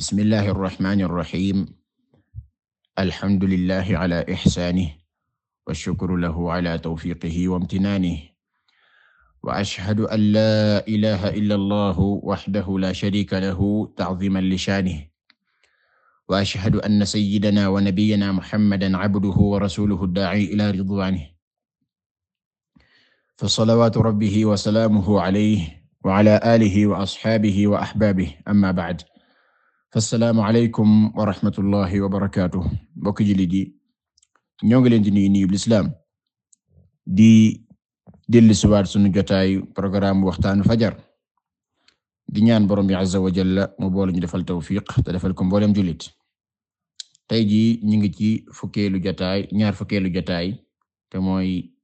bismillahi arrahmani arrahim alhamdulillahi ala ixsaanihi wa shukru lahu ala tawfiiqihi wa imtinaanihi wa ashhadu an laa ilaaha illa allahu wahdahu laa shariika lahu ta'ziiman li sha'nihi wa ashhadu anna sayyidanaa wa nabiyyanaa muhammadan abduhu wa rasuuluhu ad-daa'i ilaa ridwaanihi fa salawaatu rabbihi wa salaamuhu alayhi wa ala aalihi wa ashaabihi wa ahbaabihi amma ba'd assalaamu alaykum wa rahmatullahi wa barakaatuh mbokk jullit yi ñoo ngi leen di nuyu nuyub lislaam di dellusiwaat sunu jotaayu programme waxtaanu fajar di ñaan borom bi azza wa jalla mu boole ñu defal tawfiq te defal ko mboolem jullit tey jii ñu ngi ci fukkeelu jotaay ñaar fukkeelu jotaay te mooy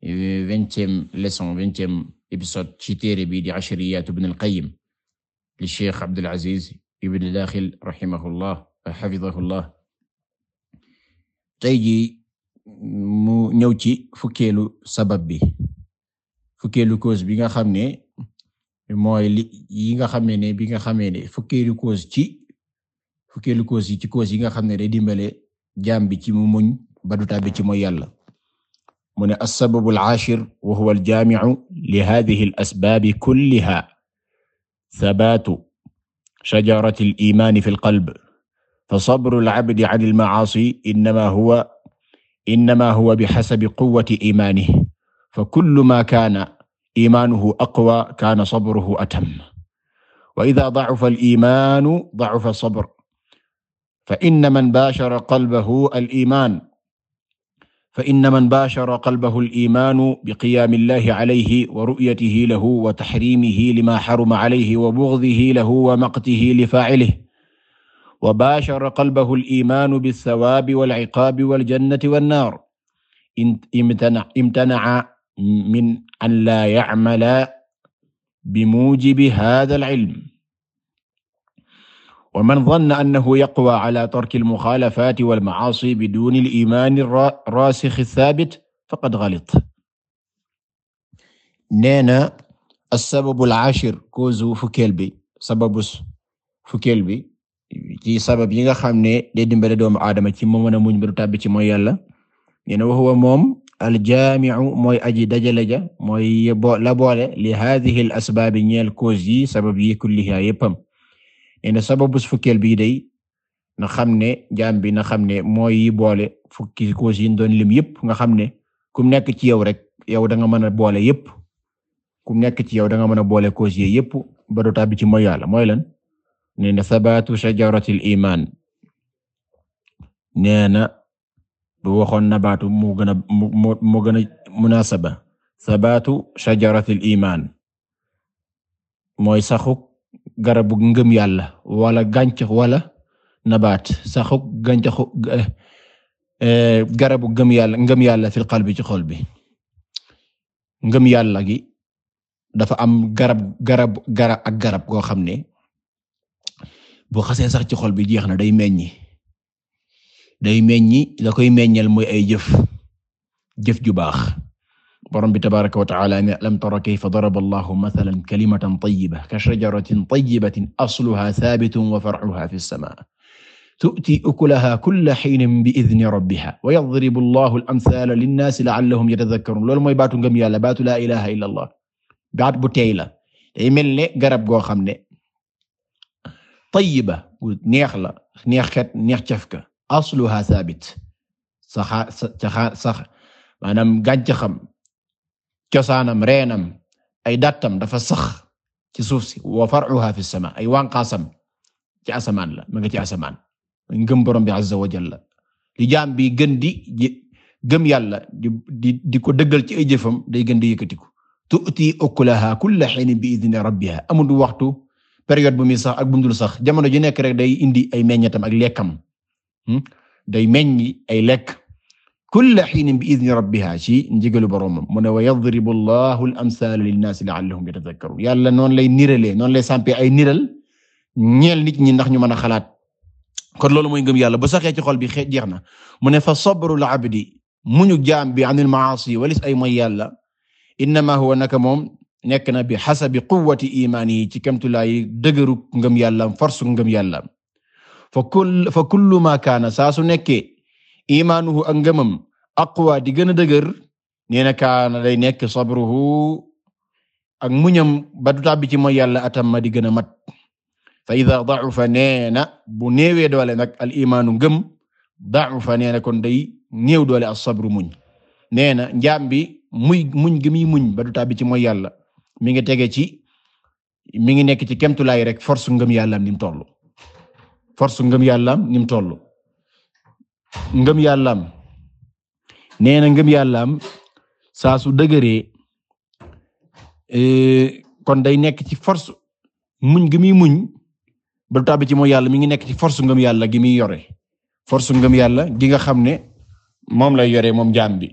e, vingtième leçon vingtième épisode ci téere bi di ashriyat ibn al-Qayyim li Cheikh Abdul ibn Daxil rahimahullah xafidahullah eh, tey jii mu ci fukkeelu sabab bi fukkeelu cause bi nga xam ne mooy li yi nga xam ne bi nga xamee ne fukkeelu cause ci fukkeelu cause yi ci cause yi nga xam ne day dimbale jaam bi ci mu muñ ba du tàbbi ci mooy yàlla mu ne al-aashir wa huwa al li haadihi al-asbaabi kullihaa shajarati al-iimaan fi al-qalb fa sabru al-abdi an al-ma'aasi innamaa huwa innamaa huwa bihasabi quwwati iimaanihi fa kullu maa kaana iimaanuhu aqwa kaana sabruhu atam wa idaa da'afa al-iimaanu da'afa as-sabr fa inna man baashara qalbahu al-iimaan fa inna man baashara qalbahu al-iimaanu bi qiyaami llaahi alayhi wa ru'yatihi lahu wa taxriimihi limaa xaruma alayhi wa bughdihi lahu wa maqtihi li faa'ilihi wa baashara qalbahu al-iimaanu bis-sawaabi wal-ciqaabi wal-jannati wan-naar imtanaca min an laa yacmala bimuujibi haadha al-cilm wa man zanna annahu yaqwa ala tarki almuxaalafaati walmacaasi biduuni alimaani raasixi saabit faqad galita nee na assababu alcaashir cause fukkeel bi sababu fukkeel bi ci sabab yi nga xam ne day dimbale doomu aadama ci mu mën a muñ ba du tàbbi ci mooy yàlla nee na wa huwa moom aljaamicu mooy aji dajale ja mooy la boole li haadihi alasbaabi ñeel cause yi sabab yi kulliha yéppam ina sababus fukkeel bii day na xam ne jaam na xam ne mooy yi boole fukki causes yi doon lim yëpp nga xam ne kum nekk ci yow rek yow da nga mën a boole yëpp kum nekk ci yow danga nga mën a boole causes yi yëpp ba du tàbbi ci mooy yàlla mooy lan nee na sabaatu iman nee na bu waxoon nabaatu mu gën a gën a munasaba sabaatu shajaratil iman mooy saxuk garabu ngëm yàlla wala gàncax wala nabaat saxu gàncaxu eh, eh, garabu ngëm yàlla ngëm yàlla fil qalbi ci xol bi ngëm yàlla gi dafa am garab garab garab ak garab goo xam ne bu xasee sax ci xol bi jeex na day meññi day meññi la koy meññal mooy ay jëf jëf ju baax borom bi tabaaraka wa ta'aala ne alam tara kayfa daraba Allahu mathalan kalimatan tayyibatan kashajaratin tayyibatin asluhaa thaabitun wa far'uhaa fi as-samaa tu'tii ukulahaa kulla hiinin bi-idhni rabbihaa wa yadribu Allahu al-amthaala lin-naasi la'allahum yatadhakkaruun loolu mooy baatu ngëm yàlla baatu laa ilaaha illa Allah baat bu tey la day mel ne garab goo xam ne tayyiba neex la neex kat neex cafka asluhaa thaabit sax sax maanaam gàncaxam cosaanam reenam ay dattam dafa sax ci suuf si wa far'uha fi sama ay wànqaasam ci asamaan la ma nga ci asamaan ngëm borom bi azza wa jalla li jaam bi gën di gëm yàlla di di ko dëggal ci ay jëfam day gën di yëkkatiku tu'ti ukulaha kulla hiinin bi idni rabbiha amul waxtu période bu mi sax ak bu mu dul sax jamono ji nekk rek day indi ay meññatam ak lekkam hmm? day meññi ay lekk kulla xiinin bi idni rabbiha ci ndigalu boroomam mu ne wa yadribu allahu al amsaala linnaasi la'allahum yatadakkaruun yàlla noonu lay niralee noonu lay sampee ay niral ñeel nit ñi ndax ñu mën a xalaat kon loolu mooy ngëm yàlla bu saxee ci xol bi xeet jeex na mu ne fa sabrul abdi muñu jaam bi anil maasi walis ay mooy yàlla innama huwa naka moom nekk na bi xasabi quwwati imaanihi ci kamtulaayi dëgëru ngëm yàlla forsu ngëm yàlla fa kullu ma kaana saa su nekkee imaanuhu ak ngëmam aqwa di gën a dëgër nee na kaana day nekk sabruhu ak muñam ba du tàbbi ci mooy yàlla atamma di gën a mat fa ida da'ufa nee na bu néewee doole nag al imaanu ngëm da'ufa nee na kon day new doole as sabru muñ nee na njaam bi muy muñ gi muy muñ ba du tàbbi ci mooy mi ngi tege ci mi ngi nekk ci kemtulaay rek force ngëm yàllaam ni mu toll force ngëm yàllaam ni mu toll ngëm yàllaam nee na ngëm yàllaam saa su dëgëree e, kon day nekk ci force muñ gi muy muñ ba tàbbi ci mooy yàlla mi ngi nekk ci force ngëm yàlla gi muy yore force ngëm yàlla gi nga xam ne moom lay yore moom jaam bi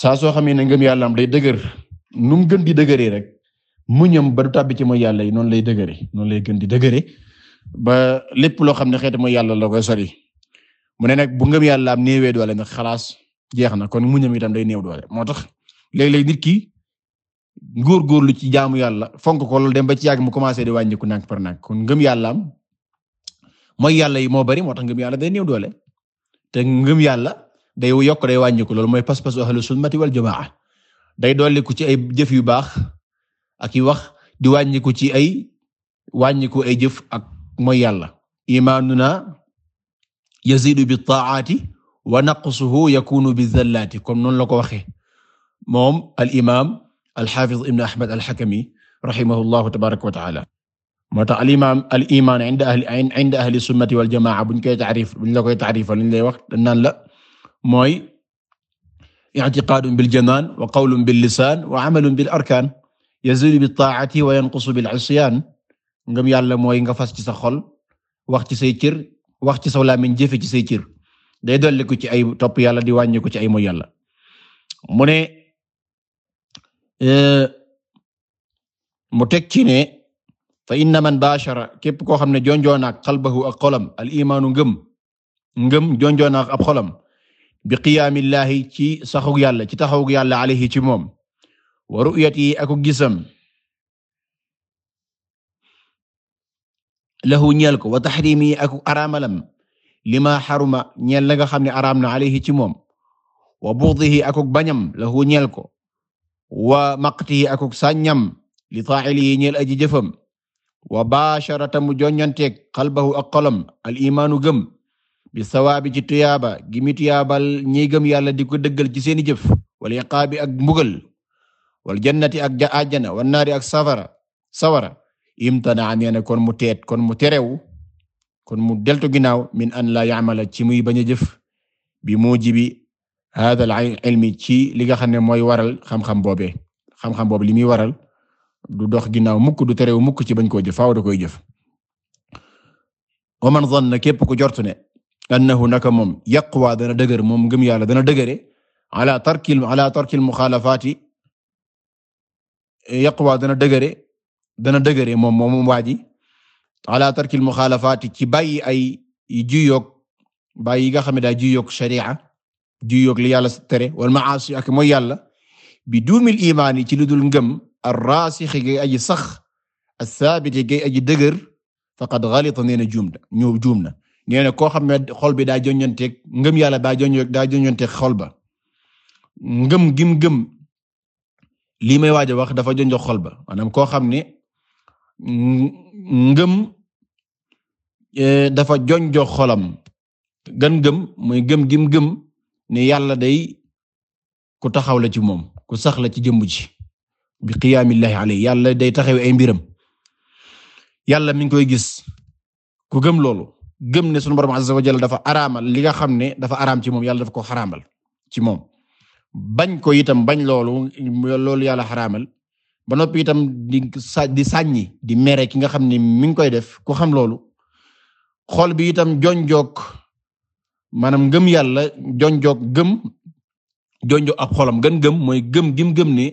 saa soo xamee ne ngëm yàllaam day dëgër nu mu gën di dëgëree rek muñam ba du tàbbi ci mooy yàlla yi noonu lay dëgëre noonu lay gën di dëgëre ba lépp loo xam ne xeeti mooy yàlla la koy sori mu ne nag bu ngëm yàlla am néewee doole nag xalaas jeex na kon muñam itam day néew doole moo tax léeg-léeg nit ki góorgóorlu ci jaamu yàlla fonk ko loolu dem ba ci yàgg mu commencé di wàññiku nànk par nànk kon ngëm yàlla am mooy yàlla yi moo bari moo tax ngëm yàlla day néew doole te ngëm yàlla day yokk day wàññiku loolu mooy pas-pasu ahlu sunnati wal jamaa day dolliku ci ay jëf yu baax ak i wax di wàññiku ci ay wàññiku ay jëf ak mooy yàlla imaanuna yazidu bi ta'ati wa naqsuhu yakunu bi zallati comme noonu la ko waxee moom al imaam al xaafiz ibn Ahmad al xakami rahimahullahu tabaaraka wa ta'ala. moo tax al imaam al imaan inda ahli inda ahli sunnati wal jamaa buñ koy taarif buñ la koy taarifal liñ lay wax dañ naan la mooy i'tiqaadun bil janaan wa qawlun bil lisaan wa amalun bil arkaan yazidu bi ta'ati wa yanqusu bil isyaan ngëm yàlla mooy nga fas ci sa xol wax ci say cër. wax ci saw làmmiñ jëfe ci say cër day dolli ko ci ay topp yàlla di wàññi ko ci ay moy yàlla mu ne euh, mu teg ci ne fa inna man bashara képp koo xam ne jonjoonaak xalbahu ak xolam al imaanu ngëm ngëm jonjoonaak ab xolam bi qiyaamillaahi ci saxug yàlla ci taxawug yàlla alayhi ci moom wa ru'yati ak gisam lahu ñeel ko wa taxrimi aku araamalam lima xaruma ñeel la nga xam ne araam na alayhi ci moom wa bughdihi akuk bañam lahu ñeel ko wa maqtihi akuk sañam li fa'ilihi ñeel aji jëfam wa basharata mu joññanteeg qalbahu ak xolam al imaanu gëm bi sawaabi ci tuyaaba gi mi tuyaabal ñi gëm yàlla di ko dëggal ci seeni jëf wal iqaabi ak mbugal wal jannati ak ja ajjana wal naari ak safara sawara imtana nee na kon mu teet kon mu terewu kon mu deltu ginnaaw min an la ya'mala ci muy bañ a jëf bi mujibi hada al ilmi ci li nga xam ne mooy waral xam-xam boobee xam-xam boobu li muy waral du dox ginnaaw mukk du terew mukk ci bañ koo jëf faaw da koy jëf wa man zanna képp ku jortu ne annahu naka moom yaqwa dana dëgër moom ngëm yàlla dana dëgëre ala tarkil ala tarkil muxaalafaati yaqwa dana dëgëre dana dëgëre moom moomu waa ji ala tarkil muxaalafaati ci bàyyi ay juyoog bàyyi yi nga xam ne daa juyoog sharia juyoog li yàlla tere wal maasi ak mooy yàlla bi duumil imaan yi ci lu dul ngëm ar-raasixi gay aji sax as-saabiti gay aji dëgër faqad xalita nee na juum na ñëw juum na nee na koo xam ne xol bi daa jonjonteeg ngëm yàlla daa jonjoog daa jonjonteeg xol ba ngëm gim ngëm lii may waaj a wax dafa jonjoog xol ba maanaam xam ne ngëm eh, dafa jonjo xolam gan gëm mooy gëm gim gëm ne yàlla day ku taxaw la ci moom ku sax la ci jëmb ci bi qiyaamillahi alayhi yàlla day taxaw ay mbiram yàlla mi ngi koy gis ku gëm loolu gëm ne sunu borom azza wa dafa araamal li nga xam ne dafa araam ci moom yàlla dafa ko xaraamal ci moom bañ ko itam bañ loolu loolu yàlla xaraamal ba noppi itam di sa di sàññi di mere ki nga xam ni mi ngi koy def ku xam loolu xool bi itam jonjoog maanaam ngëm yàlla jonjoog gëm jonjoog ab xolam gën gëm mooy gëm gim gëm ne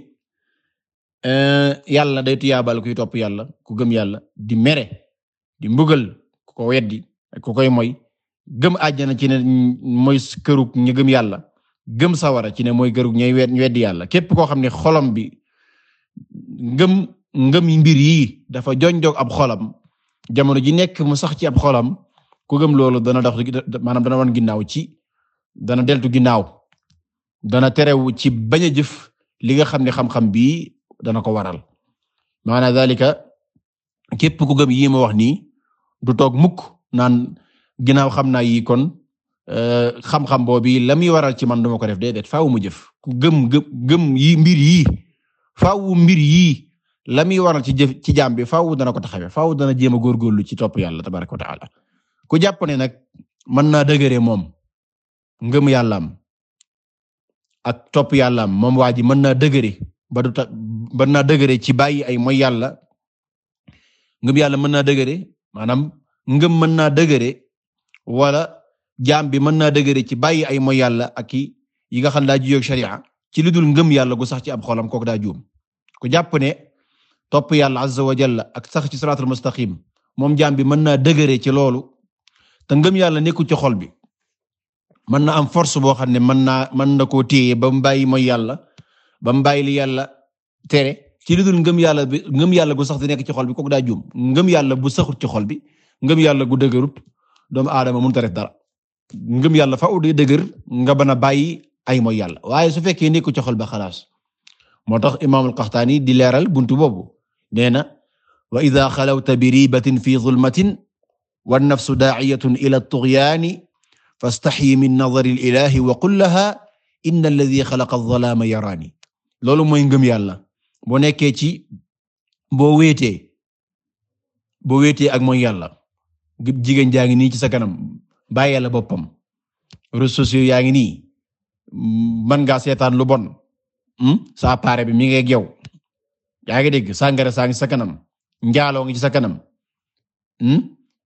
eh, yàlla day tuyaabal kuy topp yàlla ku gëm yàlla di mere di mbugal ku ko weddi ku koy moy gëm na ci ne mooy kërug ñu gëm yàlla gëm sawara ci ne mooy kërug ñuy weddi yàlla képp koo xam ne xolam bi ngëm ngëm yi mbir yi dafa jonjog ab xolam jamono ji nekk mu sax ci ab xolam ku gëm loolu dana dox manam dana wan ginnaaw ci dana deltu ginnaaw dana terew ci bañ a jëf li nga xam ne xam-xam bii dana ko waral mana dalika képp ku gëm yi ma wax nii du toog mukk naan ginnaaw xam naa yi kon euh, xam-xam boobu la muy waral ci man duma ko def déedéet faaw mu jëf ku gëm yi mbir yii faaw mbir yii la muy waral ci jëf ci jaam bi faaw dana ko taxawee faaw dana jéem a góorgóorlu ci topp yàlla tabaraka wa taala ku jàpp ne nag mën naa dëgëre moom ngëm yàllaam ak topp yàllaam moom waa ji mën naa dëgëre ba du ta mën naa dëgëre ci bàyyi ay mooy yàlla ngëm yàlla mën naa dëgëre maanaam ngëm mën naa dëgëre wala jaam bi mën naa dëgëre ci bàyyi ay mooy yàlla ak i yi nga xam daa ji yoog sharia ci lu dul ngëm yàlla gu sax ci ab xolam kooku daa juum ku jàpp ne topp yàlla azza wa jalla ak sax ci siraatul mustaqim moom jaam bi mën naa dëgëre ci loolu te ngëm yàlla nekku ci xol bi mën na am force boo xam ne mën naa mën na koo téye ba mu bàyyi mooy yàlla ba mu bàyyi li yàlla tere ci lu ngëm yàlla bi ngëm yàlla gu sax di nekk ci xol bi kooku daa juum ngëm yàlla bu saxut ci xol bi ngëm yàlla gu dëgërut doomu aadama mënut a def dara ngëm yàlla faaw day dëgër nga bana bàyyi ay mooy yàlla waaye su fekkee nekku ci xol ba xalaas moo tax imaam al-Qaxtaani di leeral buntu boobu nee na wa idha xalawta bi ribatin fi zulmatin wan nafsu daa'iyatun ila at-tughyaani fastaxyi min nadari al-ilaahi wa qul laha inna alladhi xalaqa adh-dhalaama yaraani loolu mooy ngëm yàlla boo nekkee ci boo weetee boo weetee ak mooy yàlla jigéen jaa ngi nii ci sa kanam bàyyi la boppam réseaux sociaux yaa mën ngaa seetaan lu bon hmm? sa appareil bi mi ngi ak yow yaa ngi dégg sàngara saa ngi sa kanam njaaloo ngi ci sa kanam hmm?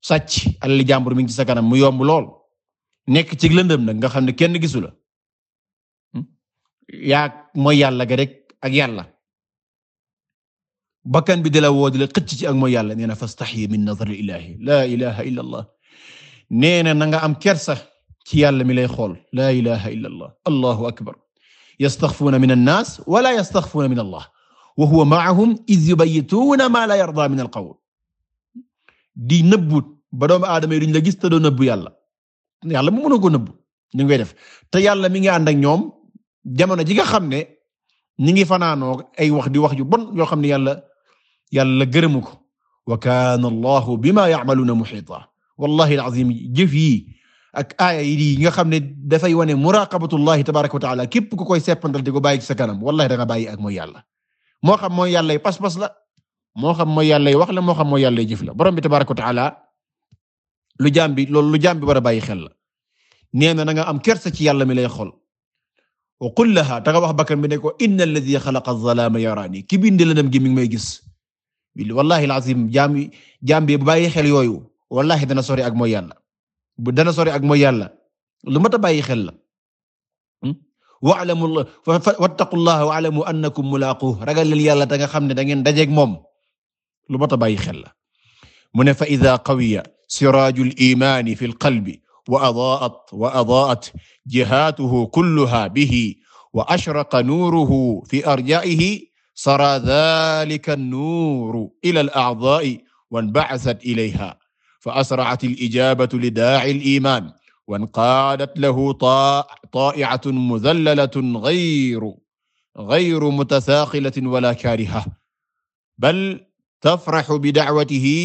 sàcc alali jàmbur mi ngi ci sa kanam mu yomb lool nekk ci lëndëm na nga xam ne kenn gisula la hmm? yaa mooy yàlla ga rek ak yàlla bakkan bi dala woo di la xëcc ci ak mooy yàlla nee na fastaxyi min nazari ilahi la ilaha illa allah nee na na am kersa ci yàlla mi lay xool laa ilaha illa allah allahu akbar yastaxfuuna min annaas wala yastaxfuuna min allah wa huwa maahum iz yubayyituuna ma la yarda min alqawl di nëbbu ba doomu aadama yi duñ la gis te doo nëbbu yàlla yàlla mu mënoo ko nëbbu ñu ngay def te yàlla mi ngi ànd ak ñoom jamono ji nga xam ne ñi ngi fanaanoo ay wax di wax yu bon yoo xam ne yàlla yàlla gërëmu ko wa kaana allahu bima ya'maluuna muhiita wallahi alazim jëf yi ak aaya yi nga xam ne dafay wane muraqabatullahi tabaraka wa taala képp ku koy seppandal di ko bàyyi ci sa kanam wallahi da nga bàyyi ak mooy yàlla moo xam mooy yàlla pas-pas la moo xam mooy yàlla wax le moo xam mooy yàlla jëf la borom bi tabaraka wa taala lu jaam bi loolu lu jaam bi war a bàyyi xel la nee na na nga am kersa ci yàlla mi lay xool wa qul laha ta nga wax bakkan bi ne ko inna alladhi xalaqa az-zalaama yaraani ki bind lëndëm gi mi ngi may gis wallahi al-azim jaam jaam bi bu bàyyi xel yooyu wallahi dana sori ak mooy yàlla dana sori ak mooy yàlla lu mat a bàyyi xel la hmm? wa'lamu wattaqullaha wa'lamu annakum mulaquhu ragal leen yàlla da nga xam ne da ngeen dajeeg moom lu mat a bàyyi xel la mu ne fa idha qawiya sirajul imani fil qalbi wa adaa'at wa adaa'at jihatuhu kulluha bihi wa ashraqa nuruhu fi arja'ihi sara dhalika an-nuru ila al-a'dha'i wa inba'athat ilayha fa asra'at al-ijaabatu li daa'i al-iimaan wa inqaadat lahu taa'i'atun mudhallalatun ghayru ghayru mutasaaqilatin wala kaariha bal tafraxu bi da'watihi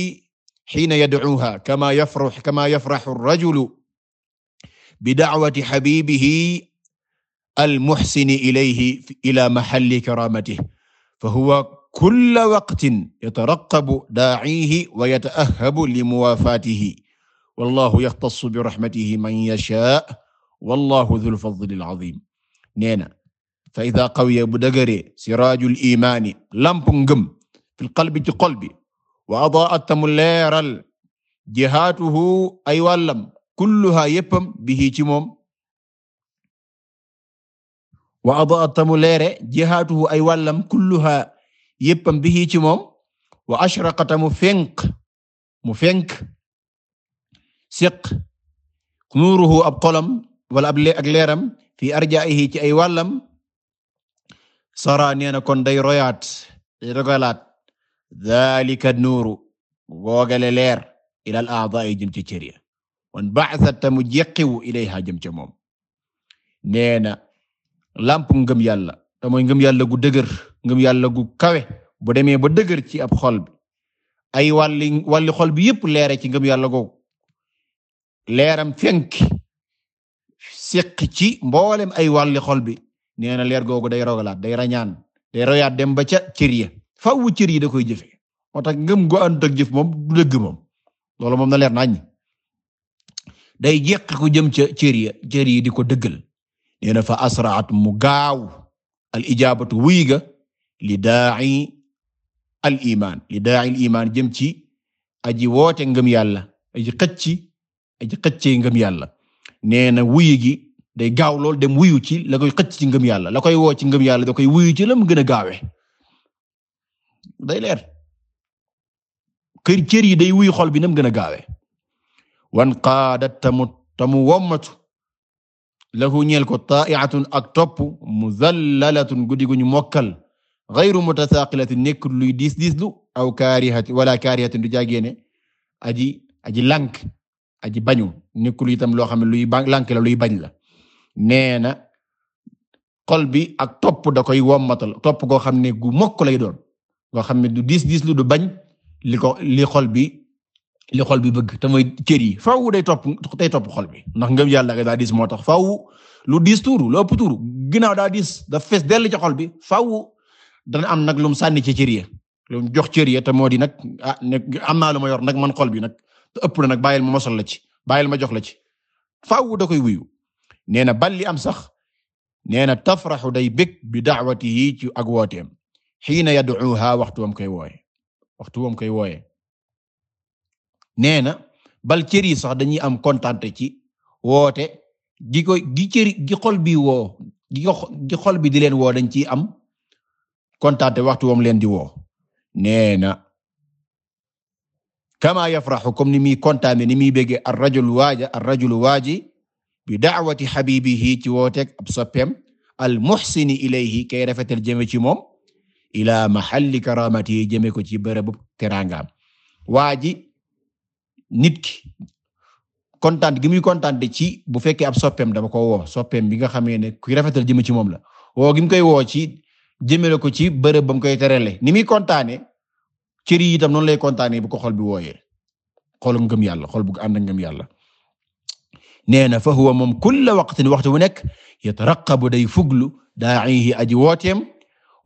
hiina yad'uuhaa kamaa yafraxu kamaa yafraxu ar-rajulu bi da'wati habiibihi al-muhsini ilayhi ilaa mahalli karaamatihi fa huwa kulla waqtin yataraqabu daa'ihi wa yata'ahhabu li muwaafaatihi wallahu yaxtassu bi raxmatihi man yashaa wallahu dhul fadlil azim nee na fa idaa qawiya bu dëgëree siraajul imaani lamp ngëm fil qalbi ci xol bi wa adaa'at tamu leeral jihaatuhu ay wàllam kulluhaa yéppam bihi ci moom wa adaa'at tamu leere jihaatuhu ay wàllam kulluhaa yëppam bihi ci moom wa ashraqata mu fenk mu fenk siq nuuruhu ab xolam wala ab ak leeram fi arjaihi ci ay wàllam sara nee na kon day royaat day rogalaat dalika nuuru googale leer ila al a'daa'i jëm ci cër ya wan mu jeqiwu ilayha jëm ca moom nee na lamp ngëm yàlla te mooy ngëm gu dëgër ngëm yàlla gu kawe bu demee ba dëgër ci ab xol ay wàlli wàlli xol bi yépp leere ci ngëm yàlla googu leeram fenk séq ci mboolem ay walli xol bi nee na leer googu day rogalaat day rañaan day royaat dem ba ca cër ya faww cër yi da koy jëfe moo tax ngëm gu ànd ak jëf moom du dëgg moom loolu moom na leer nañ day jeq ku jëm ca cër yi di ko dëggal nee fa asraat mu gaaw al ijaabatu wuy li daa'i al li daa'i al iman jëm ci aji woote ngëm yàlla aji xëcci aji xëccee ngëm yàlla nee na wuyu gi day gaaw lool dem wuyu ci la koy xëcc ci ngëm yàlla la koy woo ci ngëm yàlla da koy wuyu ci la mu gën a gaawe day leer kër cër day wuyu xol bi na mu gën a gaawe wan qaadat tamu tamu wommatu lahu ñeel ko taa'atun ak topp muzallalatun guddi gu ñu mokkal ghayru mutasaaqilatin nekkul luy diis diislu aw kaarihati wala kaarihatin du jaageene aji aji aji bañu nekkul itam loo xam ne luy lànk la luy bañ la nee na xol bi ak topp da koy wommatal topp goo xam ne gu mokk lay doon goo xam ne du diis lu du bañ li ko li xol bi li xol bi bëgg te mooy cër yi faaw day topp day topp xol bi ndax ngëm yàlla ga daa diis moo tax faaw lu diis tuuru lu ëpp daa diis da fees dell ci xol bi dana am nag lum mu sànni ci cër ya jox cër ya te moo di nag ah, am naa lu ma yor nag man xol bi nag te ëpp na nag bàyyil ma mosal la ci bàyyil ma jox la ci faaw da koy wuyu nee na bal li am sax nee na tafraxu day bég bi da'watihi ci ak wooteem xiina yad'uha waxtu wam koy wooye waxtu woom koy wooye nee na bal cër yi sax dañuy am kontaan ci woote gi koy gi cëri gi xol woo gi xol bi di leen woo dañ ciy am kontaate waxtu wam leen di woo nee na kama yafraxu comme ni muy kontaane ni muy béggee ar rajul waaja ar rajul waaji bi daawati xabibihi ci wooteeg ab soppeem al muxsini ilayhi kay rafetal jëme ci moom ila maxalli karamati jëme ko ci bërëbu teraangaam waa ji nit ki kontaan gi muy kontaan de ci bu fekkee ab soppeem dama ko woo soppeem bi nga xamee ne kuy rafetal jëme ci moom la woo gi mu koy ci jëmale ko ci bërëb ba koy terele ni muy kontaane cër yi itam noonu lay kontaane bu ko xol bi wooyee xolu ngëm yàlla xol bug ànd ak ngëm yàlla nee na fa huwa moom kulla waqtin waxtu bu nekk yataraqabu day fuglu daa'ihi aji wooteem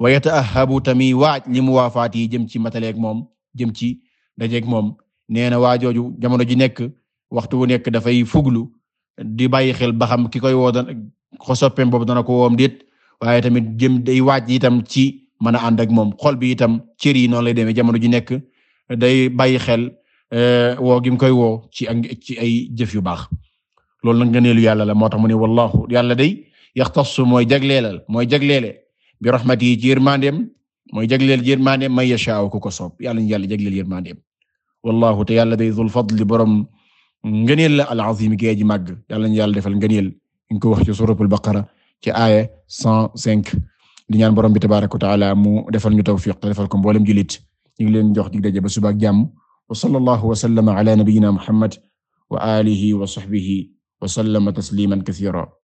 wa yata'ahabu tamit waaj li mu waafaat yi jëm ci mataleeg moom jëm ci dajeeg moom nee na waa jooju jamono ji nekk waxtu wu nekk dafay fuglu di bàyyi xel ba xam ki koy woo ko soppeem boobu dana ko woom déet waaye tamit jëm day waaj itam ci mën a ànd ak moom xol bi itam cër yi noonu lay demee jamono ji nekk day bàyyi xel eh, woo gi mu koy woo ci ci ay jëf yu baax loolu nag ngëneelu yàlla la moo tax mu ne wallahu yàlla day yaxtassu mooy jagleelal mooy jagleele bi rahmati yi ci yërmandeem mooy jagleel ci yërmandeem may yashaa ku ko soob yàlla ñu yàlla jagleel yërmandeem wallahu te yàlla day zul fadli borom ngëneel la al azim gi aji màgg yàlla ñu yàlla defal ngëneel ñu ko wax ci suratul baqara ci aaya cent cinq di ñaan borom bi tabaaraka wa taala mu defal ñu tawfiq te defal ko mboolem julit ñu ngi leen jox dig daje ba suba ak jàmm wa sallallahu wa sallama ala nabiyyina muhammad wa alihi wa sahbihi wa sallama tasliman kathira